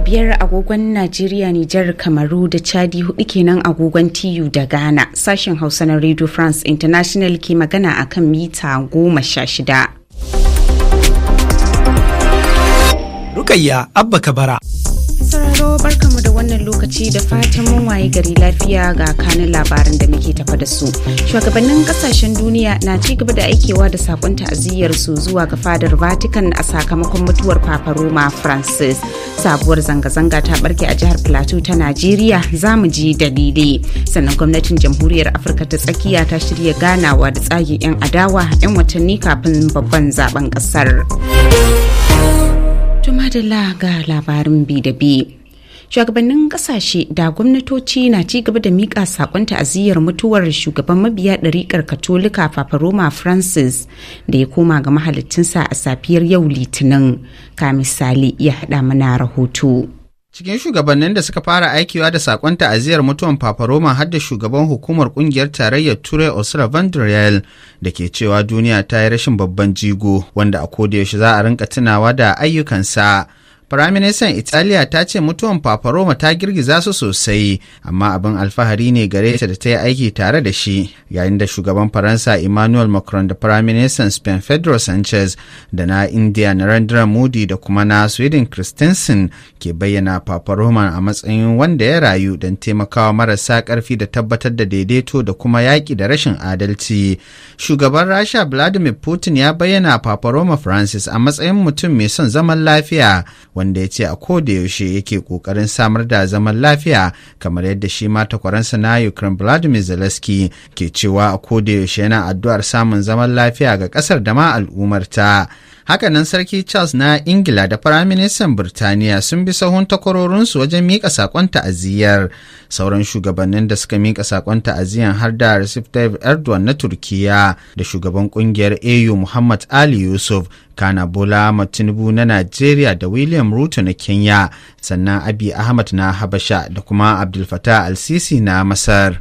karfe biyar agogon Najeriya, Nijar, Kamaru da Chadi hudu kenan agogon TU da Ghana. Sashen Hausa na Radio France International ke magana a kan mita goma sha shida. Rukayya Abba Kabara. sauraro barkamu da wannan lokaci da fatan mun waye gari lafiya ga kanin labaran da muke tafa da su. Shugabannin kasashen duniya na ci gaba da aikewa da sakon ta'aziyyar su zuwa ga fadar Vatican a sakamakon mutuwar Papa Roma Francis. Sabuwar zanga-zanga ta barke a jihar Plateau ta Najeriya za mu ji dalili. Sannan gwamnatin Jamhuriyar Afirka ta tsakiya ta shirya ganawa da tsagin 'yan adawa 'yan watanni kafin babban zaben kasar. Tuma da ga labarin bi da bi. Shugabannin kasashe da gwamnatoci na ci gaba da miƙa saƙon ta'aziyyar mutuwar shugaban mabiya ɗariƙar Katolika Papa Roma Francis da ya koma ga mahalicinsa a safiyar yau Litinin. Ka misali ya haɗa mana rahoto. Cikin shugabannin da suka fara aikiwa da sakon ta'aziyar mutuwan Paparoma har da shugaban hukumar kungiyar tarayyar Turai Ursula van der Yael, da ke cewa duniya ta yi rashin babban jigo wanda a koda yaushe za a rinka tunawa da ayyukansa. Firaministan Italiya ta ce mutuwan Paparoma ta girgiza su sosai, amma abin alfahari ne gare ta da ta yi aiki tare da shi, yayin da shugaban Faransa Emmanuel Macron da Firaministan Spain Pedro Sanchez da na India Narendra Modi da kuma na Sweden Christensen ke bayyana Paparoma a matsayin wanda ya rayu don taimakawa marasa karfi da tabbatar da daidaito da kuma yaƙi da rashin adalci. Shugaban Rasha Vladimir Putin ya bayyana Paparoma Francis a matsayin mutum mai son zaman lafiya. wanda ya ce a kodayaushe yaushe yake kokarin samar da zaman lafiya kamar yadda shi ma takwaransa na ukraine vladimir zelensky ke cewa a koda yaushe yana addu'ar samun zaman lafiya ga kasar da ma al'ummarta. Hakanan Sarki Charles na Ingila da Firaministan Birtaniya sun bi sahun takwarorinsu wajen miƙa saƙon ta'aziyyar. Sauran shugabannin da suka miƙa sakon ta'aziyar har da Recep Tayyip Erdogan na Turkiya da shugaban ƙungiyar AU Muhammad Ali Yusuf kana bola matinubu na najeriya da william ruto na kenya sannan abi ahmad na habasha da kuma abdul fattah al-sisi na masar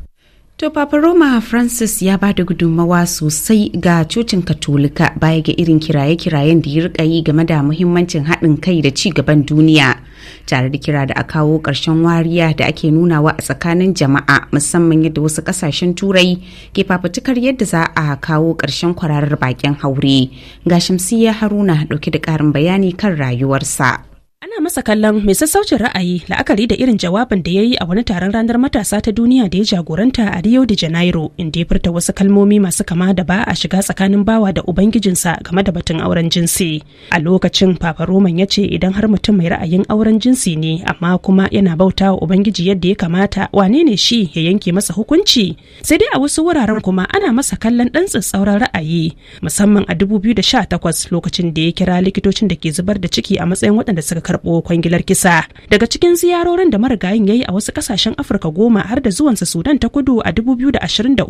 To Papa Roma Francis ya ba da gudummawa sosai ga cocin Katolika baya ga irin kiraye-kirayen da ya rika yi game da muhimmancin haɗin kai da ci gaban duniya. Tare da kira da a kawo ƙarshen wariya da ake nunawa a tsakanin jama'a musamman yadda wasu ƙasashen turai ke fafutukar yadda za a kawo ƙarshen kwararar bakin haure. Ga Shamsiyya Haruna ɗauke da ƙarin bayani kan rayuwarsa. Ana masa kallon mai sassaucin ra'ayi la'akari da irin jawabin da ya yi a wani taron ranar matasa ta duniya da ya jagoranta a Rio de Janeiro inda ya furta wasu kalmomi masu kama da ba a shiga tsakanin bawa da ubangijinsa game da batun auren jinsi. A lokacin Papa Roman ya ce idan har mutum mai ra'ayin auren jinsi ne amma kuma yana bauta wa ubangiji yadda ya kamata wane ne shi ya yanke masa hukunci. Sai dai a wasu wuraren kuma ana masa kallon ɗan tsatsauran ra'ayi musamman a takwas, lokacin da ya kira likitocin da ke zubar da ciki a matsayin waɗanda suka karɓo kwangilar kisa daga cikin ziyarorin da marigayin ya yi a wasu ƙasashen afirka goma har da zuwansa sudan ta kudu a 2023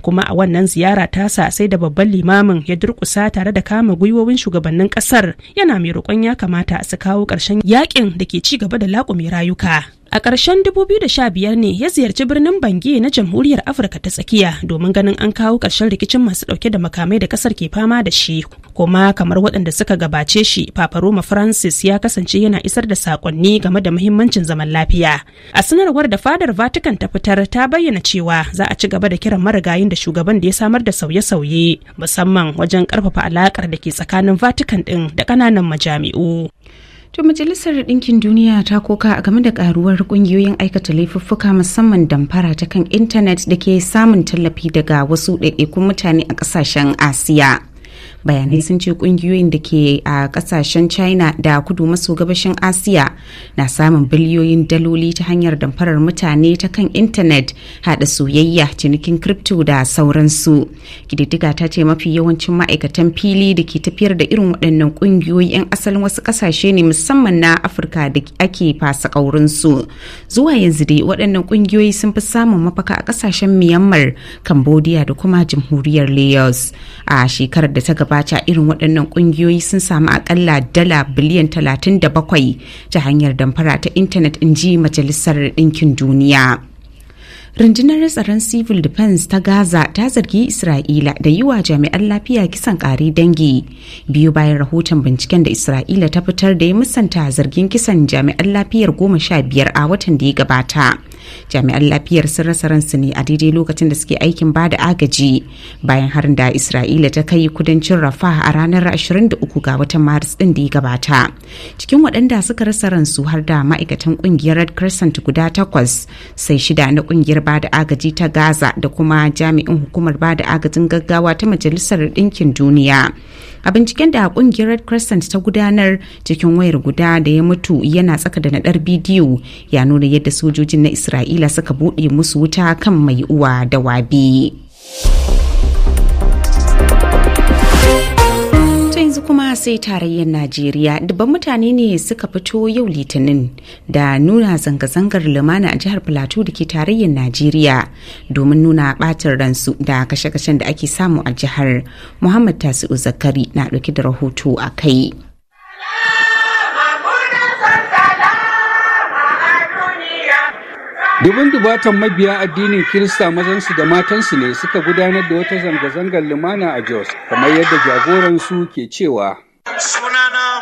kuma a wannan ziyara tasa sai da babban limamin ya durƙusa tare da kama gwiwowin shugabannin ƙasar yana mai roƙon ya kamata su kawo ƙarshen yaƙin da ke ci gaba da laƙumi rayuka A ƙarshen 2015 ne ya ziyarci birnin Bangui na Jamhuriyar Afirka ta tsakiya domin ganin an kawo ƙarshen rikicin masu ɗauke da makamai da ƙasar ke fama da shi. Kuma kamar waɗanda suka gabace shi, Papa Roma Francis ya kasance yana isar da saƙonni game da muhimmancin zaman lafiya. A sanarwar da fadar Vatican ta fitar ta bayyana cewa za a ci gaba da kiran marigayin da shugaban da ya samar da sauye-sauye, musamman wajen ƙarfafa alaƙar da ke tsakanin Vatican ɗin da ƙananan majami'u. To Majalisar Ɗinkin Duniya ta koka a game da karuwar ƙungiyoyin aikata laifuffuka musamman damfara ta kan intanet da ke samun tallafi daga wasu ɗaiɗaikun mutane a ƙasashen Asiya. bayanai eh. sun ce kungiyoyin da ke a kasashen china da kudu maso gabashin asiya na samun biliyoyin daloli ta hanyar damfarar mutane ta kan intanet hada soyayya cinikin crypto da sauransu kididdiga ta ce mafi yawancin ma'aikatan fili da ke tafiyar da irin waɗannan kungiyoyi 'yan asalin wasu ƙasashe ne musamman na afirka da ake fasa ƙaurinsu zuwa yanzu dai waɗannan ƙungiyoyi sun fi samun mafaka a ƙasashen myanmar cambodia da kuma jamhuriyar laos a shekarar da ta gabata gabata irin waɗannan ƙungiyoyi sun samu akalla dala biliyan 37 ta hanyar damfara ta intanet in ji majalisar ɗinkin duniya. rundunar tsaron civil defense ta gaza ta zargi isra'ila da yi wa jami'an lafiya kisan kare dangi biyu bayan rahoton binciken da isra'ila ta fitar da ya musanta zargin kisan jami'an lafiyar goma sha biyar a watan da ya gabata jami'an lafiyar sun rasa ransu ne a daidai lokacin da suke aikin bada agaji bayan harin da isra'ila ta kai kudancin rafah a ranar 23 ga watan maris din da ya gabata cikin waɗanda suka rasa ransu har da ma'aikatan ƙungiyar red crescent guda takwas sai shida na ƙungiyar bada agaji ta gaza da kuma jami'in hukumar bada agajin gaggawa ta majalisar ɗinkin duniya a binciken da kungiyar red crescent ta gudanar cikin wayar guda da ya mutu yana tsaka da naɗar bidiyo ya nuna yadda sojojin na isra'ila isra'ila suka buɗe musu wuta kan mai uwa da wabi yanzu kuma sai tarayyar najeriya dubban mutane ne suka fito yau litinin da nuna zanga-zangar lumana a jihar plateau da ke tarayyar najeriya domin nuna batin ransu da kashe-kashen da ake samu a jihar muhammad tasi'u zakari na dauke da rahoto a kai dubin dubatan mabiya addinin kirista mazansu da matansu ne suka gudanar da wata zanga-zangar lumana a jos kamar yadda jagoransu ke cewa sunana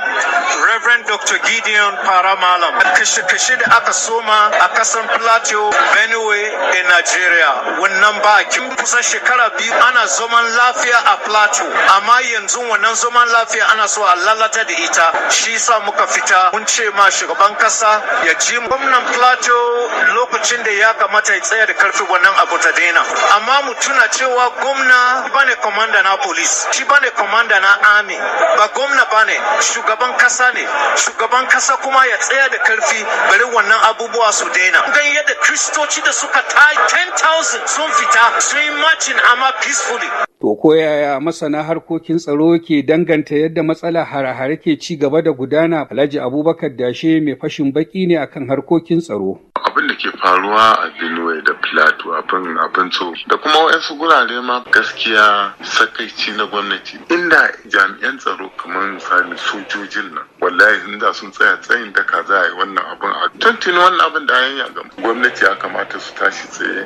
Dr. Gideon paramalam a Kashe-kashe da aka soma a kasan Plateau, Benue, a Nigeria. Wannan ba kin kusan shekara biyu ana zaman lafiya a Plateau, amma yanzu wannan zaman lafiya ana so a lalata da ita. Shi sa muka fita mun ce ma shugaban kasa ya ji gwamnan Plateau lokacin da ya kamata ya tsaya da karfi wannan abu ta daina. Amma mu tuna cewa gwamna bane komanda na police, shi bane komanda na army, ba gwamna bane shugaban kasa ne, shugaban kasa kuma ya tsaya da karfi bari wannan abubuwa su daina gan yadda kristoci da suka ta 10,000 sun fita sun yi marching amma peacefully To ko yaya masana harkokin tsaro ke danganta yadda matsala hare ke ci gaba da gudana Alhaji Abubakar Dashe mai fashin baki ne akan harkokin tsaro. Abin da ke faruwa a Benue da Plateau abin abin tso da kuma wasu gurare ma gaskiya sakaici na gwamnati inda jami'an tsaro kamar misali sojojin nan wallahi da sun tsaya tsayin daka za a yi wannan abin a tuntun wannan abin da an yi gwamnati ya kamata su tashi tsaye.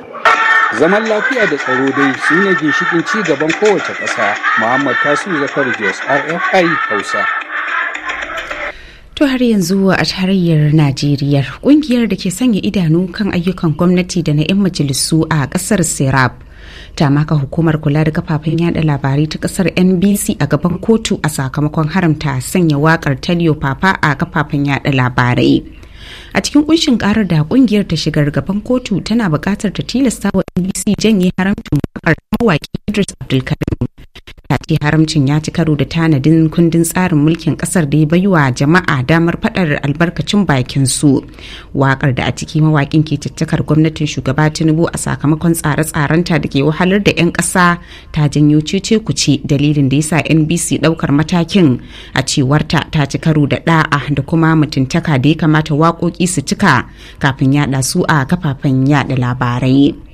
Zaman lafiya da tsaro dai su ne ginshikin ci gaba shugaban kowace ƙasa muhammad tasiru zakar jos rfi hausa To har yanzu a tarayyar Najeriya ƙungiyar da ke sanya idanu kan ayyukan gwamnati da na 'yan majalisu a ƙasar Serap ta maka hukumar kula da kafafen yada labarai ta kasar NBC a gaban kotu a sakamakon haramta sanya wakar Talio Papa a kafafen yada labarai. a cikin kunshin karar da kungiyar ta shigar gaban kotu tana bukatar ta tilasta wa nbc janye haramcin wakar mawaki idris abdulkarim haramcin ya ci karo da tanadin kundin tsarin mulkin kasar da ya baiwa jama'a damar fadar albarkacin bakin su wakar da a ciki mawakin ke caccakar gwamnatin shugaba tinubu a sakamakon tsare-tsarenta da ke wahalar da 'yan kasa ta janyo cece kuce dalilin da yasa nbc daukar matakin a cewarta ta ci karo da ɗa'a da kuma mutuntaka da ya kamata waƙoƙi su cika kafin yaɗa su a kafafen yada labarai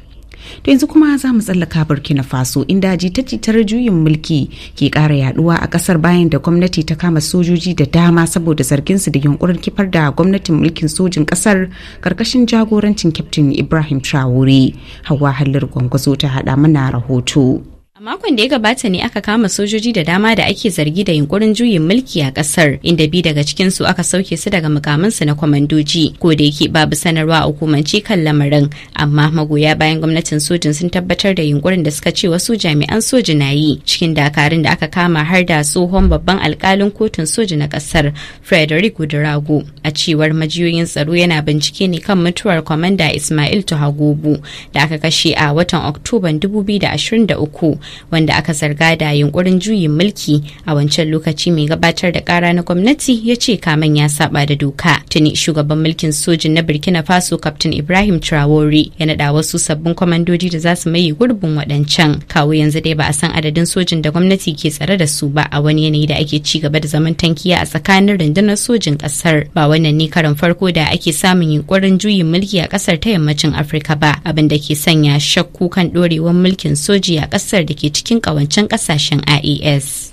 To yanzu kuma za mu tsallaka Burkina Faso inda jita-jitar juyin mulki ke ƙara yaduwa a ƙasar bayan da gwamnati ta kama sojoji da dama saboda zargin su da yunkurin kifar da gwamnatin mulkin sojin ƙasar karkashin jagorancin Kyaftin Ibrahim Traore. Hawa Hallar Gwangwazo ta hada mana rahoto. A makon da ya gabata ne aka kama sojoji da dama da ake zargi da yunkurin juyin mulki a kasar inda bi daga cikin su aka sauke su daga mukamansu na kwamandoji ko da yake babu sanarwa a hukumance kan lamarin amma magoya bayan gwamnatin sojin sun tabbatar da yunkurin da suka ce wasu jami'an soji na yi cikin dakarun da aka kama har da tsohon babban alkalin kotun soji na kasar Frederick Udrago a cewar majiyoyin tsaro yana bincike ne kan mutuwar kwamanda Ismail Tuhagobu da aka kashe a watan Oktoban 2023 wanda aka zarga da yunkurin juyin mulki a wancan lokaci mai gabatar da kara na gwamnati ya ce kaman ya saba da doka tuni shugaban mulkin sojin na burkina faso captain ibrahim traore ya naɗa wasu sabbin kwamandoji da za su maye gurbin waɗancan kawo yanzu dai ba a san adadin sojin da gwamnati ke tsare da su ba a wani yanayi da ake ci gaba da zaman tankiya a tsakanin rundunar sojin ƙasar ba wannan ne karon farko da ake samun yunkurin juyin mulki a ƙasar ta yammacin afirka ba abin da ke sanya shakku kan ɗorewar mulkin soji a ƙasar da ke cikin ƙawancen ƙasashen IAS.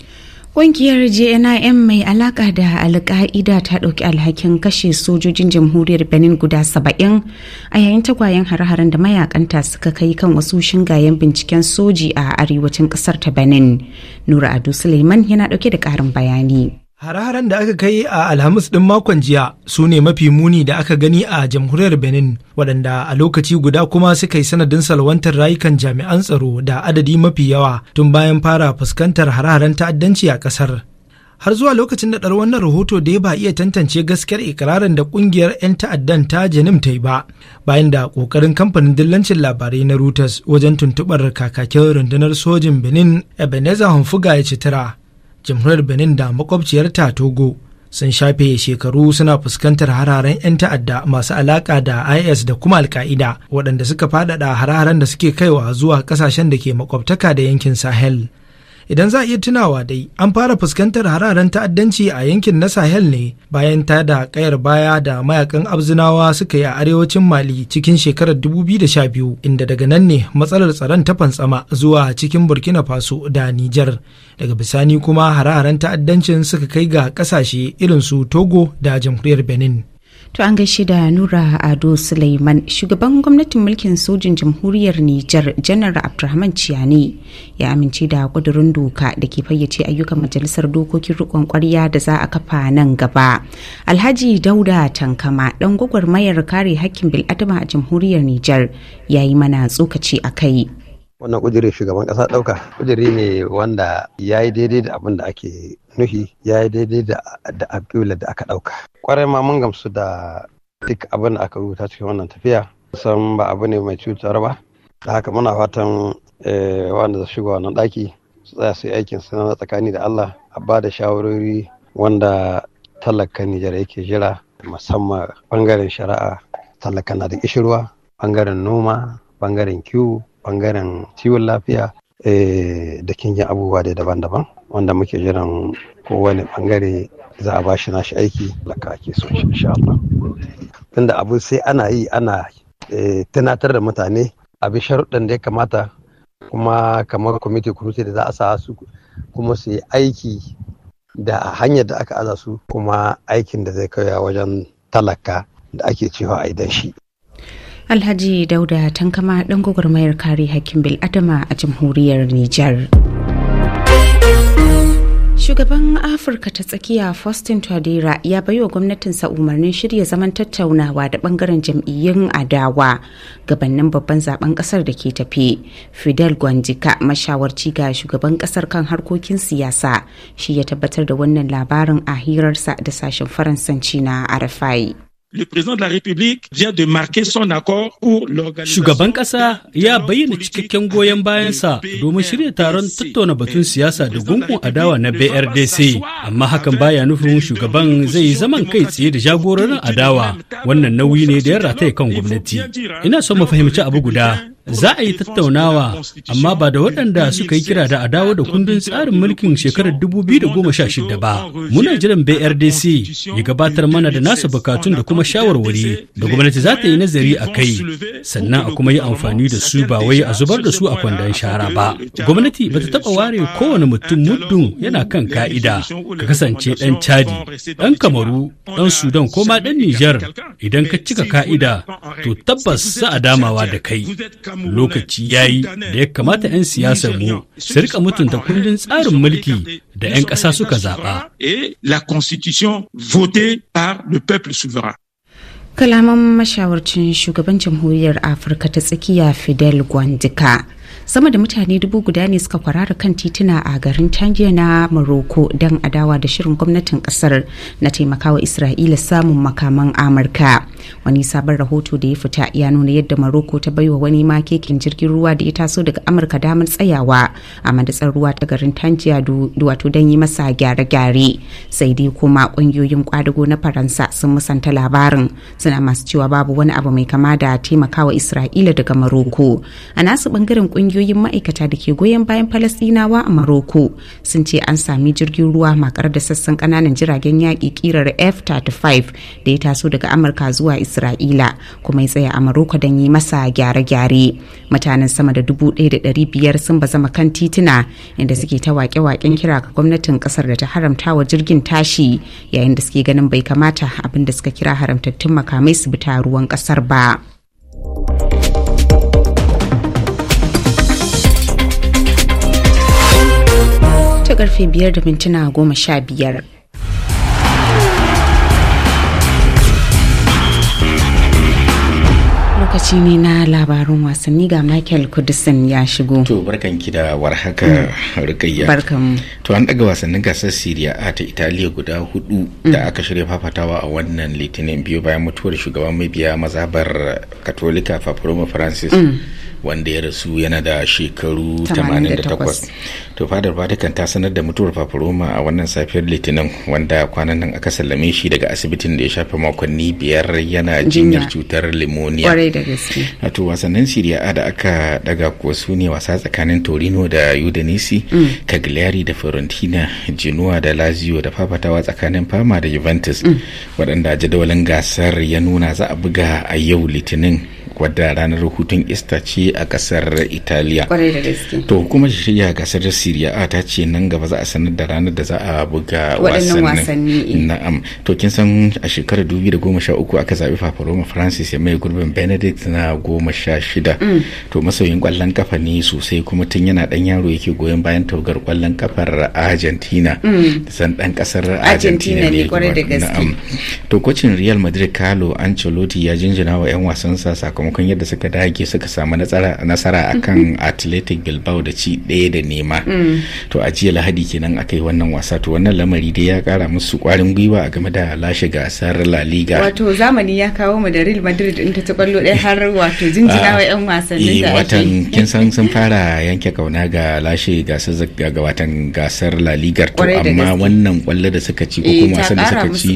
E Ƙungiyar JNIM mai alaƙa da alƙa'ida ta ɗauki alhakin kashe sojojin jamhuriyar Benin guda saba'in a yayin tagwayen har-haren da mayakanta suka kai kan wasu shingayen binciken soji a arewacin ƙasar ta Benin. Nura adu Suleiman yana ɗauke da ƙarin bayani. Hare-haren da aka kai a Alhamis ɗin makon jiya su ne mafi muni da aka gani a jamhuriyar Benin waɗanda a lokaci guda kuma suka yi sanadin salwantar rayukan jami'an tsaro da adadi mafi yawa tun bayan fara fuskantar hare-haren ta'addanci a ƙasar. Har zuwa lokacin da ɗar wannan rahoto da ya ba iya tantance gaskiyar ikirarin da ƙungiyar 'yan ta'addan ta Janim ta yi ba, bayan da ƙoƙarin kamfanin dillancin labarai na Reuters wajen tuntuɓar kakakin rundunar sojin Benin Ebenezer humfuga ya ci tira. jamhuriyar benin da makwabciyarta togo sun shafe shekaru suna fuskantar hararen 'yan ta'adda masu alaka da is da kuma alka'ida waɗanda suka faɗaɗa hare da suke kaiwa zuwa ƙasashen da ke makwabtaka da yankin sahel idan za a iya tunawa dai an fara fuskantar hararen ta'addanci a yankin na sahel ne bayan ta da kayar baya da mayakan abzinawa suka yi a arewacin mali cikin shekarar 2012 inda daga nan ne matsalar tsaron ta fantsama zuwa cikin burkina faso da nijar daga bisani kuma hararen ta'addancin suka kai ga kasashe irin su togo da jamhuriyar benin To an gaishe da Nura Ado Suleiman shugaban gwamnatin mulkin sojin jamhuriyar Nijar janar Abdulrahman Ciyani ya amince da kudurin doka da ke fayyace ayyukan majalisar dokokin rikon kwarya da za a kafa nan gaba. Alhaji Dauda Tankama dan gwagwarmayar kare hakkin bil'adama a jamhuriyar Nijar ya yi mana tsokaci a kai. wannan kujere shugaban kasa dauka kujere ne wanda ya yi daidai da abin da ake nuhi ya yi daidai da abdula da aka dauka kwarai ma mun gamsu da duk abin da aka rubuta cikin wannan tafiya san ba abu ne mai cutar ba da haka muna fatan eh, wanda za shiga wannan daki su tsaya su yi aikin su na tsakani da allah a ba da shawarori wanda talakan nijar yake jira musamman bangaren shari'a talaka na da kishirwa bangaren noma bangaren kiwo bangaren ciwon lafiya eh, da kingin abubuwa da daban-daban wanda muke jiran kowane bangare za a bashi nashi aiki laka ake so insha Allah tunda abu sai ana yi ana eh, tunatar da mutane abin sharuɗan da ya kamata kuma kamar kwamiti kwamiti da za a sa su kuma su yi aiki da hanyar da aka aza su kuma aikin da zai kaiwa wajen talaka da ake cewa a idan shi Alhaji Dauda Tankama dan gwagwarmayar kare hakkin bil'adama a jamhuriyar Nijar. Shugaban Afirka ta tsakiya Faustin tadera ya baiwa gwamnatinsa umarnin shirya zaman tattaunawa da bangaren jam'iyyun adawa gabanin babban zaben kasar da ke tafi. Fidel Gwandika mashawarci ga shugaban kasar kan harkokin siyasa shi ya tabbatar da wannan labarin a hirarsa da sashen Faransanci na Arafai. le président de la République de marquer son accord pour Shugaban ƙasa ya bayyana cikakken goyon bayansa domin shirya taron tattauna batun siyasa da gungun adawa na BRDC, amma hakan baya nufin shugaban zai zaman kai tsaye da jagororin adawa. Wannan nauyi ne da ya rataye kan gwamnati. Ina son mu fahimci abu guda, za a yi tattaunawa amma ba da waɗanda suka yi kira da a dawo da kundin tsarin mulkin shekarar 2016 ba muna jiran brdc ya gabatar mana da nasa bukatun da kuma shawarwari da gwamnati za ta yi nazari a kai sannan a kuma yi amfani da su ba wai a zubar da su a kwandon shara ba gwamnati ba ta taɓa ware kowane mutum muddin yana kan ka'ida ka kasance ɗan chadi ɗan kamaru ɗan sudan ko ma ɗan nijar idan ka cika ka'ida to tabbas za a damawa da kai lokaci ya yi da ya kamata 'yan siyasar mu su rika mutunta kundin tsarin mulki da 'yan ƙasa suka zaɓa. Kalaman mashawarcin shugaban jamhuriyar Afirka ta tsakiya Fidel Gwandika. sama da mutane dubu guda ne suka kwarara kan tituna a garin tangier na morocco don adawa da shirin gwamnatin kasar na taimakawa isra'ila samun makaman amurka wani sabon rahoto da ya fita ya nuna yadda morocco ta baiwa wani ma kekin jirgin ruwa da ya taso daga amurka damar tsayawa a madatsar ruwa ta garin tangier wato don yi masa gyare-gyare sai dai kuma kungiyoyin kwadago na faransa sun musanta labarin suna masu cewa babu wani abu mai kama da taimakawa isra'ila daga morocco a nasu bangaren kungiyoyin ma'aikata da ke goyon bayan falasinawa a Maroko sun ce an sami jirgin ruwa makar da sassan kananan jiragen yaƙi kirar F-35 da ya taso daga Amurka zuwa Isra'ila kuma ya tsaya a Maroko don yi masa gyare-gyare. Mutanen sama da dubu ɗaya da ɗari biyar sun ba zama kan tituna inda suke ta waƙe-waƙen kira ga gwamnatin kasar da ta haramta wa jirgin tashi yayin da suke ganin bai kamata abin da suka kira haramtattun makamai su bi ruwan ƙasar ba. karfe 5 da mintuna 15. lokaci ne na labarun wasanni ga michael kudisin ya shigo to barkan ki da warhaka mm. rikayya barkan to an daga wasannin gasar siriya a ta italiya guda hudu da mm. aka shirya fafatawa a wannan litinin biyu bayan mutuwar shugaban mabiya mazabar katolika papa francis mm. wanda ya rasu yana da shekaru 88 to fadar vatican ta sanar da mutuwar paparoma a wannan safiyar litinin wanda kwanan nan aka sallame shi daga asibitin da ya shafe makonni biyar yana jinyar cutar limoniya to wasannin siriya a da aka daga kuwa su ne wasa tsakanin torino da udinese mm. cagliari da farantina genoa da lazio da fafatawa tsakanin fama da juventus mm. waɗanda jadawalin gasar ya nuna za a buga a yau litinin wadda ranar hutun ista ce a kasar italiya to hukumar shirya gasar siriya a ta ce nan gaba za a sanar da ranar da za a buga wasanni eh. na'am to kin san a shekarar 2013 aka zaɓi fafaroma francis ya mai gurbin benedict na goma sha shida mm. to masoyin kwallon kafa ne sosai kuma tun yana dan yaro yake goyon bayan taugar kwallon kafar argentina mm. san dan kasar argentina ne kwarai da gaske to kocin real madrid carlo ancelotti ya jinjina wa 'yan wasansa sakamakon sakamakon yadda suka dage suka samu nasara akan athletic bilbao da ci ɗaya da nema mm. to a jiya lahadi kenan aka yi wannan wasa to wannan lamari dai ya kara musu kwarin gwiwa a game da lashe gasar la liga wato zamani ya kawo mu da real madrid in ta ta kwallo ɗaya har wato jinjina wa yan wasannin eh, da watan kin san sun fara yanke kauna ga lashe gasar ga watan gasar la liga to amma wannan kwallo da suka ci ko kuma eh, wasan da suka ci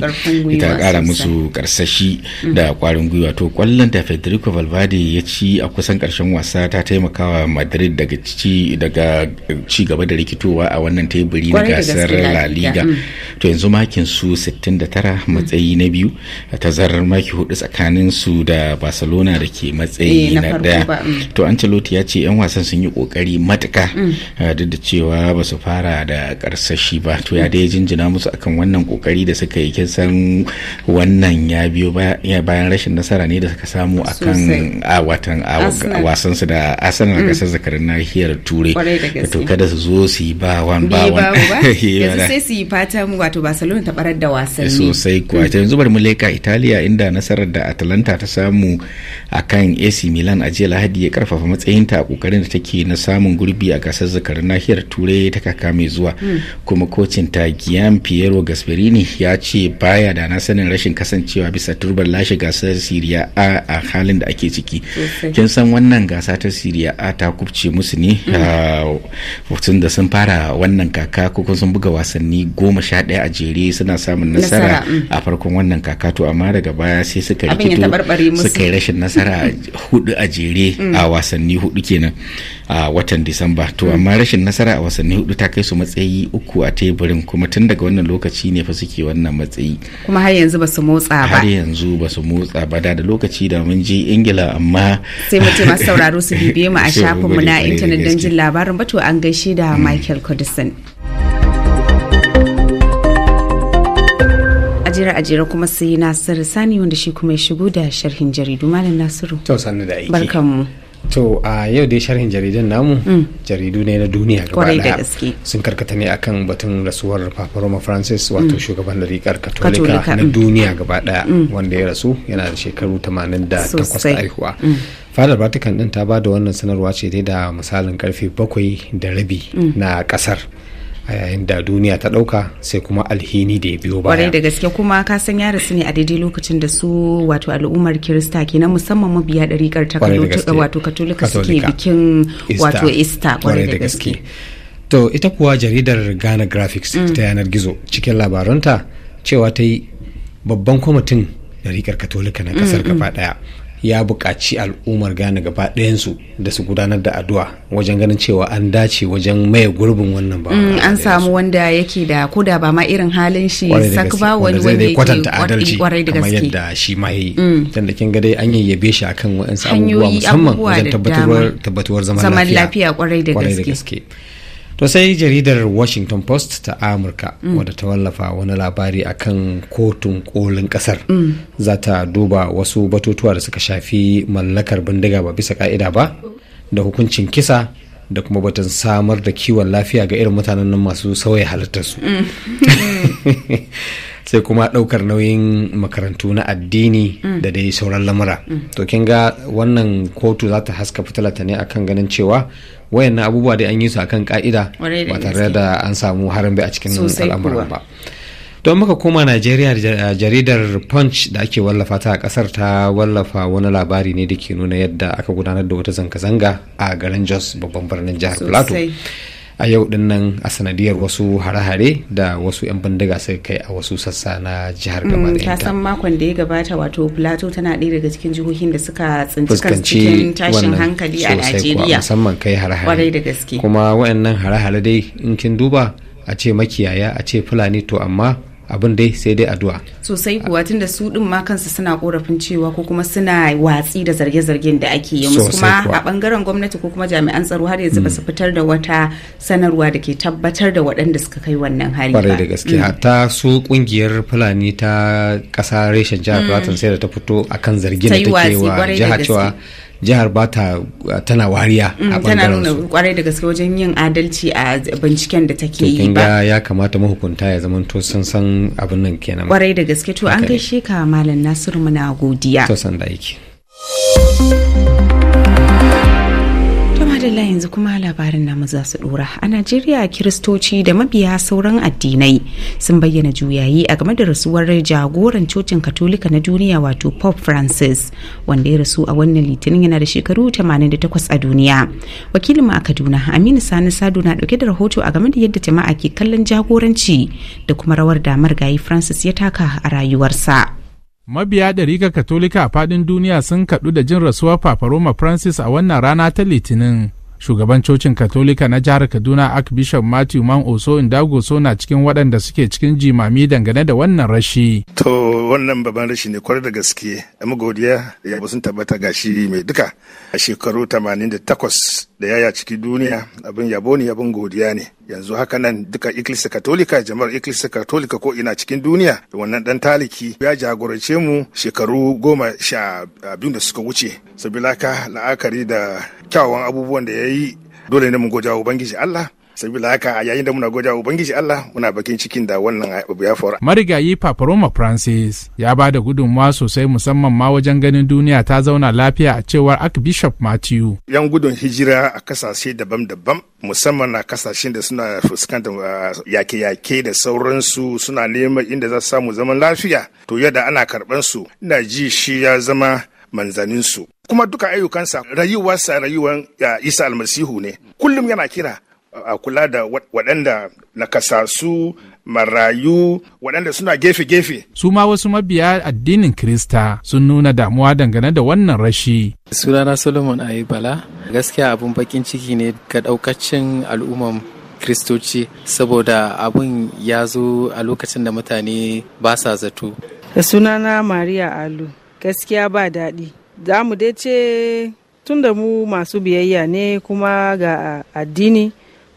ita kara musu karsashi mm. da kwarin gwiwa to kwallon da federico valverde ya ci a kusan karshen wasa ta taimakawa madrid daga ci daga eh, ci gaba da rikitowa a wannan teburi na gasar la liga mm. to yanzu makin su 69 mm. matsayi na biyu a tazarar maki hudu tsakanin su da barcelona da ke matsayi eh, na daya mm. to ancelotti ya ce yan wasan sun yi kokari matuka eh, duk da cewa ba su fara da karsashi ba to ya dai jinjina musu akan wannan kokari da suka yi kin san wannan ya biyo bayan rashin nasara ne da suka samu akan a watan wasan su da asan na mm. kasar zakarin nahiyar turai to kada su zo su yi ba wan ba wan sai su yi fata mu wato barcelona ta barar da wasanni sosai ko mm. ta yanzu bari mu leka italiya inda nasarar da atalanta ta samu akan ac milan a jiya lahadi ya karfafa matsayinta a kokarin da take na samun gurbi a gasar zakarin nahiyar turai ta kaka mai zuwa mm. kuma kocin ta gian piero gasperini ya ce baya da na sanin rashin kasancewa bisa turbar lashe gasar siriya a halin da ake ake ciki kin san wannan gasa ta siriya a ta kubce musu ne mm-hmm. tun da sun fara wannan kaka ko sun buga wasanni goma sha ɗaya a jere suna samun nasara mm. a farkon wannan kaka to amma daga baya sai suka rikito suka yi rashin nasara hudu a jere mm. a wasanni hudu kenan a watan disamba to mm. amma rashin nasara a wasanni hudu ta kai su matsayi uku a teburin kuma tun daga wannan lokaci ne fa suke wannan matsayi kuma har yanzu ba su motsa ba har yanzu ba su motsa ba da lokaci da mun je ingila amma sai mu masu sauraro su bibiye mu a shafin mu na intanet don jin labarin ba to an gaishe da mm. michael codison ajira ajira kuma sai nasiru sani wanda shi kuma ya shigo da sharhin jaridu malam nasiru to sannu da aiki barkanmu to a yau dai sharhin jaridan namu mm. jaridu ne na duniya gaba daya sun karkata ne akan batun rasuwar papa roma francis wato mm. shugaban rikar katolika na mm. duniya gaba daya wanda ya rasu yana da shekaru 88 da aihuwa. fadar vatican din ta ba da wannan sanarwa ce dai da misalin karfe bakwai da rabi na kasar a yayin da duniya ta dauka sai kuma alhini da ya biyo baya kwarai da gaske kuma ka san ya rasu ne a daidai lokacin da su wato al'ummar kirista kenan musamman mabiya ɗariƙar ta wato katolika suke bikin wato ista kwarai da gaske to ita kuwa jaridar ghana graphics mm. ta yanar gizo cikin labaranta cewa ta yi babban kwamitin ɗariƙar katolika na mm, ƙasar mm. gaba ɗaya ya buƙaci al'ummar gane gaba ɗayansu da su gudanar da addu'a wajen ganin cewa an dace wajen maye gurbin wannan mm, ba an samu wanda yake da koda ba ma irin halin shi sak ba wani wanda yake kwatanta adalci kamar yadda shi ma yayi dan mm. da kin ga dai an yayyabe shi akan waɗansu abubuwa musamman wajen tabbatuwar zaman lafiya kwarai da gaske to sai jaridar washington post ta amurka mm. wadda ta wallafa wani labari akan kotun kolin kasar mm. za ta duba wasu batutuwa da suka shafi mallakar bindiga ba bisa ka'ida ba da hukuncin kisa da kuma batun samar da kiwon lafiya ga irin mutanen nan masu sauya halittarsu mm. Mm. sai kuma ɗaukar nauyin makarantu na addini mm. da dai sauran lamura mm. to kin ga wannan kotu za ta haska fitilata ne akan ganin cewa wayannan abubuwa dai an yi su akan ka'ida ba tare da an samu harin bai a cikin al'amuran ba don muka koma najeriya jaridar punch da ake wallafa ta a kasar ta wallafa wani labari ne da ke nuna yadda aka gudanar da wata zanga-zanga a garin jos babban birnin jihar plateau a yau din a sanadiyar wasu hare-hare da wasu 'yan bindiga suka kai a wasu sassa na jihar mm, gaba da san makon da ya gabata wato plateau tana ɗaya daga cikin jihohin da suka tsinci cikin tashin hankali a najeriya musamman kai hare-hare kuma waɗannan hare-hare dai in kin duba a ce makiyaya a ce fulani to amma abin dai sai dai addu'a sosai kuwa tun da su din ma kansu suna korafin cewa ko kuma suna watsi da zarge-zargen da ake yi musu kuma a bangaren gwamnati ko kuma jami'an tsaro har yanzu ba su mm. fitar da wata sanarwa da ke tabbatar da waɗanda suka kai wannan hali ba da gaske mm. hatta su kungiyar fulani ta ƙasa reshen jihar mm. Plateau sai da ta fito akan zargin da take wa jihar cewa jihar ba ta tana wariya a mm, bangaren su tana kwarai da gaske wajen yin adalci a binciken da take yi ba ya kamata mahukunta ya zama to sun san abin nan kenan kwarai da gaske to an gaishe ka malam nasiru muna godiya to san da yake Allah yanzu kuma labarin namu za su dora a najeriya kiristoci da mabiya sauran addinai sun bayyana juyayi a game da rasuwar jagoran cocin katolika na duniya wato pope francis wanda ya rasu a wannan litinin yana da shekaru 88 a duniya wakilin a kaduna aminu sani sadu na dauke da rahoto a game da yadda jama'a ke kallon jagoranci da kuma rawar damar gayi francis ya taka a rayuwarsa Mabiya ɗarikar Katolika a faɗin duniya sun kaɗu da jin rasuwar Papa Roma Francis a wannan rana ta Litinin. shugaban cocin katolika na jihar kaduna archbishop matthew man oso so na cikin waɗanda suke cikin jimami dangane da wannan rashi to wannan babban rashi ne kwarar da gaske magodiya da yabo sun tabbata shi mai duka a shekaru 88 da yaya ciki duniya abin yabo ne abin godiya ne yanzu haka nan duka ikilisa katolika jama'ar ikilisa katolika ko ina cikin duniya wannan dan taliki ya jagorance mu shekaru goma sha biyu da suka wuce ka la'akari da kyawawan abubuwan da ya yi dole ne mu goja ubangiji Allah saboda haka a yayin da muna wa ubangiji Allah muna bakin cikin da wannan abu ya faru marigayi Paparoma Francis ya ba da gudunmawa sosai musamman ma wajen ganin duniya ta zauna lafiya a cewar Archbishop Matthew yan gudun hijira a kasashe daban-daban musamman a kasashen da suna fuskantar uh, yake-yake da sauransu suna neman inda za su samu zaman lafiya to yadda ana karɓar su ina ji shi ya zama manzaninsu kuma duka ayyukansa rayuwarsa rayuwar uh, isa almasihu ne kullum yana kira a kula da waɗanda nakasasu marayu waɗanda suna gefe-gefe. Su ma wasu mabiya addinin Kirista sun nuna damuwa dangane da wannan rashi. Sunana Solomon Ayibala gaskiya abun bakin ciki ne ga ɗaukacin al'umman Kristoci saboda abun ya zo a lokacin da mutane ba sa zato. Da sunana Maria Alu gaskiya ba daɗi. Za mu dai tun da mu masu biyayya ne kuma ga addini.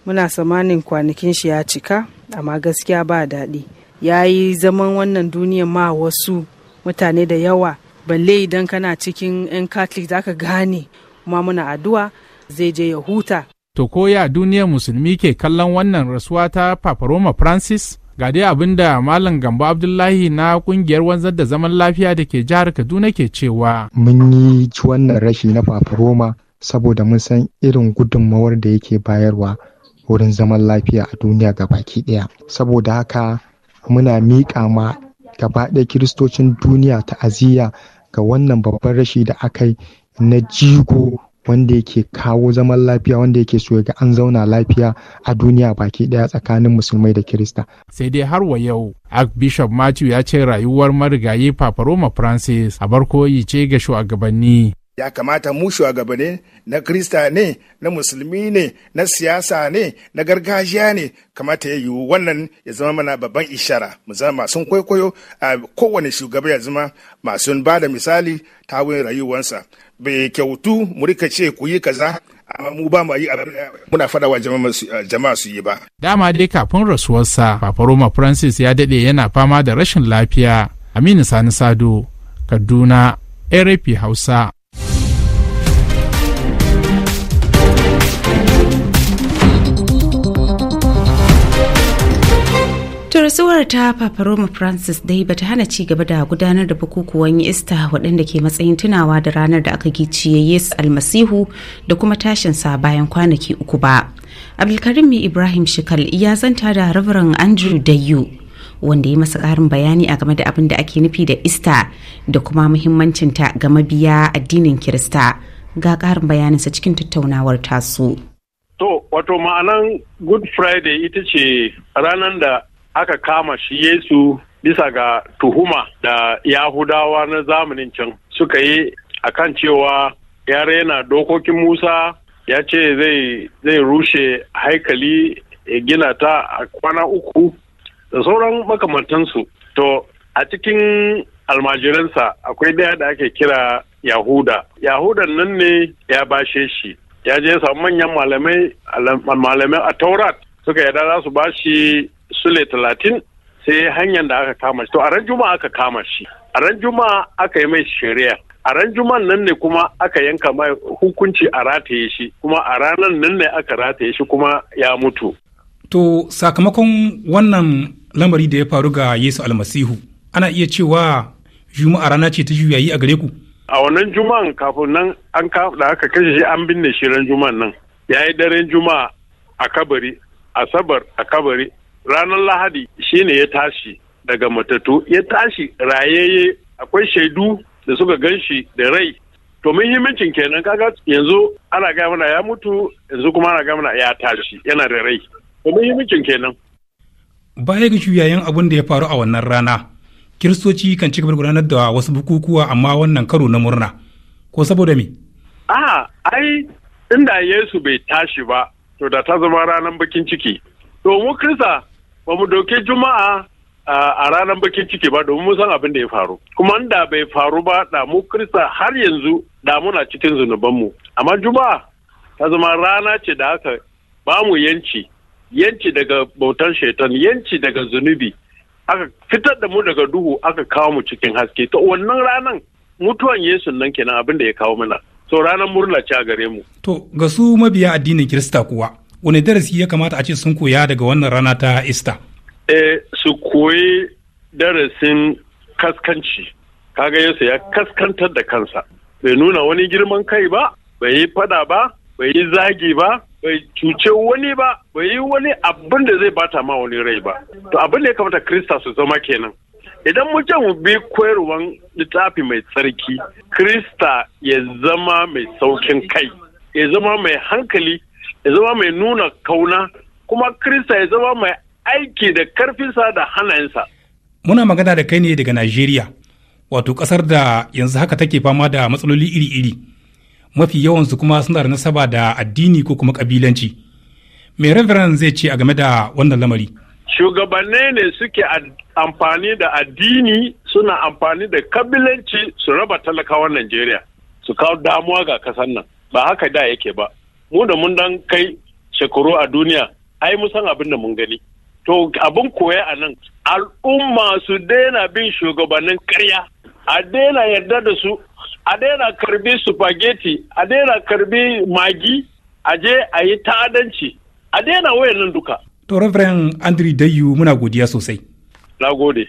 muna samanin kwanakin shi ya cika amma gaskiya ba daɗi ya yi zaman wannan duniyar ma wasu mutane da yawa balle idan kana cikin 'yan catholic ka gane kuma muna addu'a zai je ya huta to ko ya duniyar musulmi ke kallon wannan rasuwa ta papa roma francis ga dai abin da malam gambo abdullahi na kungiyar wanzar da zaman lafiya da ke jihar kaduna ke cewa mun yi wannan rashi na papa roma saboda mun san irin gudunmawar da yake bayarwa wurin zaman lafiya a duniya ga baki ɗaya saboda haka muna miƙa ma gaba ɗaya kiristocin duniya ta'aziyya ga wannan babban rashi da aka yi na jigo wanda yake kawo zaman lafiya wanda yake so ga an zauna lafiya a duniya baki ɗaya tsakanin musulmai da kirista. sai dai har wa yau archbishop matthew ya ce rayuwar marigayi papa roma francis a barkoyi ce ga shugabanni ya kamata mu shugabane na krista ne na musulmi ne na siyasa ne na gargajiya ne kamata ya yiwu wannan ya zama mana babban ishara mu zama masu kwaikwayo a kowane shugaba ya zama masu ba da misali ta wurin rayuwarsa bai kyautu mu rika ce ku yi kaza amma mu ba mu yi muna fada wa jama'a su yi ba dama dai kafin rasuwarsa papa roma francis ya dade yana fama da rashin lafiya aminu sani sado kaduna arp hausa rasuwar ta Papa Roma Francis dai bata hana ci gaba da gudanar da bukukuwan Ista waɗanda ke matsayin tunawa da ranar da aka giciye Yesu Almasihu da kuma tashin sa bayan kwanaki uku ba. Abdulkarim Ibrahim Shikal ya zanta da Rabaran Andrew Dayu wanda ya masa ƙarin bayani a game da abin da ake nufi da Ista da kuma muhimmancinta ga mabiya addinin Kirista. Ga ƙarin sa cikin tattaunawar tasu. To, wato ma'anan Good Friday ita ce ranar da aka kama shi Yesu bisa ga tuhuma da Yahudawa na zamanin can suka yi a kan cewa ya yana dokokin Musa ya ce zai rushe haikali ya gina ta a kwana uku da sauran makamantansu. To a cikin almajiransa akwai ɗaya da ake kira Yahuda. Yahuda nan ne ya bashe shi. Ya je samu manyan malamai a Taurat suka yarda za su bashi sule talatin sai hanyar da aka kama shi to a ran juma'a aka kama shi a ran juma'a aka yi mai shari'a a ran juma'an nan ne kuma aka yanka mai hukunci a rataye shi kuma a ranar nan ne aka rataye shi kuma ya mutu to sakamakon wannan lamari da ya faru ga yesu almasihu ana iya cewa juma'a rana ce ta juyayi a gare ku a wannan juma'an kafin nan an da aka kashe shi an binne shi ran juma'an nan ya yi daren juma'a a kabari asabar a kabari ranar lahadi shine ya tashi daga matatu ya tashi rayayye akwai shaidu da suka ganshi da rai to muhimmancin kenan kaga yanzu ana gaya mana ya mutu yanzu kuma ana gaya mana ya tashi yana da rai to muhimmancin kenan baya ga shuyayen abin da ya faru a wannan rana kiristoci kan ci gaba gudanar da wasu bukukuwa amma wannan karo na murna ko saboda me a ai inda yesu bai tashi ba to da ta zama ranar bakin ciki to mu krista ba mu dauke juma'a a ranar bakin ciki ba domin mun san abin da ya faru kuma da bai faru ba da mu krista har yanzu da muna cikin zunubanmu amma juma'a ta zama rana ce da haka ba mu yanci yanci daga bautan shaitan yanci daga zunubi aka fitar da mu daga duhu aka kawo mu cikin haske to wannan ranan mutuwan yesu nan kenan abin da ya kawo mana so ranar murna ce a gare mu to ga su mabiya addinin kirista kuwa wani darasi ya kamata a ce sun koya daga wannan rana ta ista eh su koyi darasin kaskanci kaga yesu ya kaskantar da kansa bai nuna wani girman kai ba bai yi fada ba bai yi zagi ba bai cuce wani ba bai yi wani abin da zai bata ma wani rai ba to abin da ya kamata krista su zama kenan idan mu bi koyarwan littafi mai tsarki krista ya zama mai saukin kai ya zama mai hankali ya zama mai nuna kauna kuma Kirista ya zama mai aiki da karfinsa da hannayensa. Muna magana da kai ne daga Najeriya, wato ƙasar da yanzu haka take fama da matsaloli iri-iri, mafi yawansu kuma suna da nasaba da addini ko kuma ƙabilanci. Me Reverend zai ce a game da wannan lamari? Shugabanni ne suke amfani da addini suna amfani da kabilanci su raba talakawan Najeriya su kawo damuwa ga ƙasar nan ba haka da yake ba. mu da mun dan kai shekaru a duniya ai mu san abin da mun gani to abin koya a nan al'umma su daina bin shugabannin karya a daina yarda da su a daina karbi spaghetti a daina karbi magi a je a yi ta'adanci a daina wayannan duka to reverend andrew dayu muna godiya sosai na gode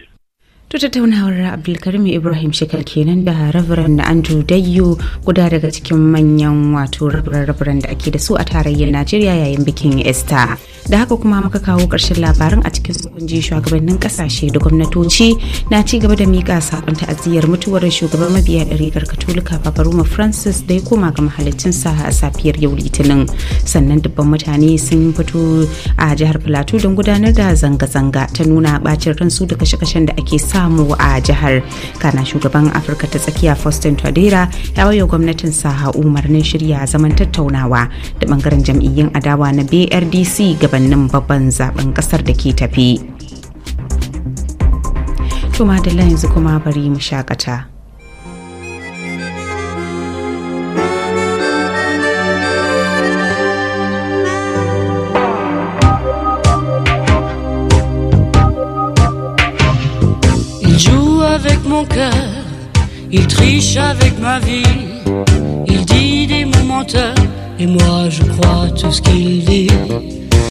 To tattaunawar Abdulkarim Ibrahim Shekar kenan da Reverend Andrew Dayyo guda daga cikin manyan wato rabaran da ake da su a tarayyar Najeriya yayin bikin Easter. Da haka kuma muka kawo ƙarshen labarin a cikin sukunji shugabannin ƙasashe da gwamnatoci na ci gaba da miƙa sakon ta'aziyyar mutuwar shugaban mabiya ɗariƙar Katolika roma Francis da ya koma ga sa a safiyar yau Litinin. Sannan dubban mutane sun fito a jihar Plateau don gudanar da zanga-zanga ta nuna bacin ransu da kashe-kashen da ake sa samu a jihar kana shugaban afirka ta tsakiya faustin tadera ya wayo gwamnatin saha umarnin shirya zaman tattaunawa da bangaren jam'iyyun adawa na brdc gabanin babban zaben kasar da ke tafi. Tuma da yanzu kuma bari mu shakata. Il triche avec ma vie, il dit des mots menteurs, et moi je crois tout ce qu'il dit.